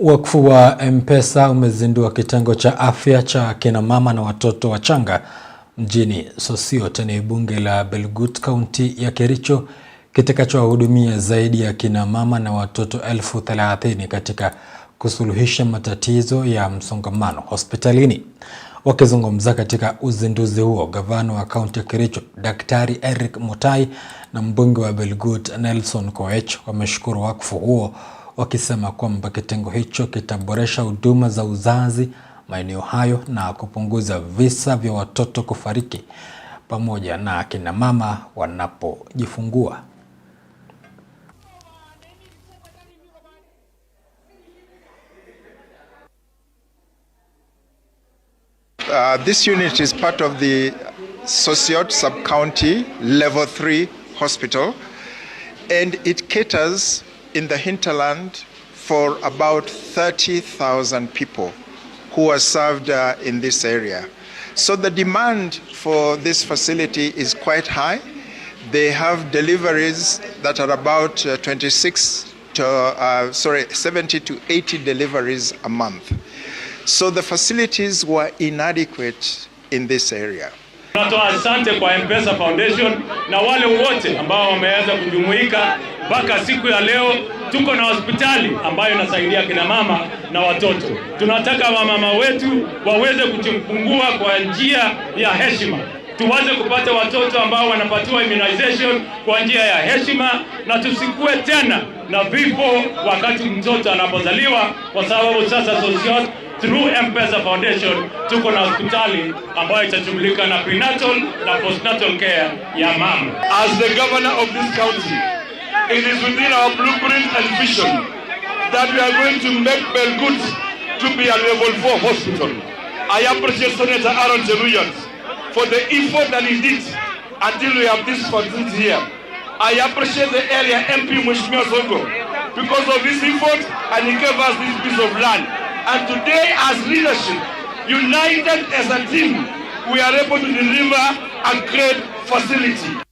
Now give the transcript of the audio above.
Wakfu wa M-Pesa umezindua kitengo cha afya cha kina mama na watoto wachanga mjini Sosiot, eneo bunge la Belgut, kaunti ya Kericho, kitakachowahudumia zaidi ya kina mama na watoto elfu thelathini katika kusuluhisha matatizo ya msongamano hospitalini. Wakizungumza katika uzinduzi huo, gavana wa kaunti ya Kericho Daktari Eric Mutai na mbunge wa Belgut Nelson Koech wameshukuru wakfu huo wakisema kwamba kitengo hicho kitaboresha huduma za uzazi maeneo hayo na kupunguza visa vya watoto kufariki pamoja na akina mama wanapojifungua. Uh, this unit is part of the Sosiot sub-county level 3 hospital and it caters in the hinterland for about 30,000 people who are served uh, in this area. So the demand for this facility is quite high. They have deliveries that are about uh, 26 to, uh, sorry, 70 to 80 deliveries a month. So the facilities were inadequate in this area. Natoa asante kwa M-Pesa Foundation na wale wote ambao wameanza kujumuika mpaka siku ya leo tuko na hospitali ambayo inasaidia kina mama na watoto. Tunataka wamama wetu waweze kujifungua kwa njia ya heshima, tuweze kupata watoto ambao wanapatiwa immunization kwa njia ya heshima, na tusikue tena na vifo wakati mtoto anapozaliwa, kwa sababu sasa social through mpesa Foundation tuko na hospitali ambayo itashughulika na prenatal na postnatal care ya mama. As the governor of this county It is within our blueprint and vision that we are going to make Belgut to be a level 4 hospital. I appreciate Senator Aaron Jeruyans for the effort that he did until we have this facility here. I appreciate the area MP Mweshimiwa Songo because of his effort and he gave us this piece of land. And today as leadership, united as a team, we are able to deliver a great facility.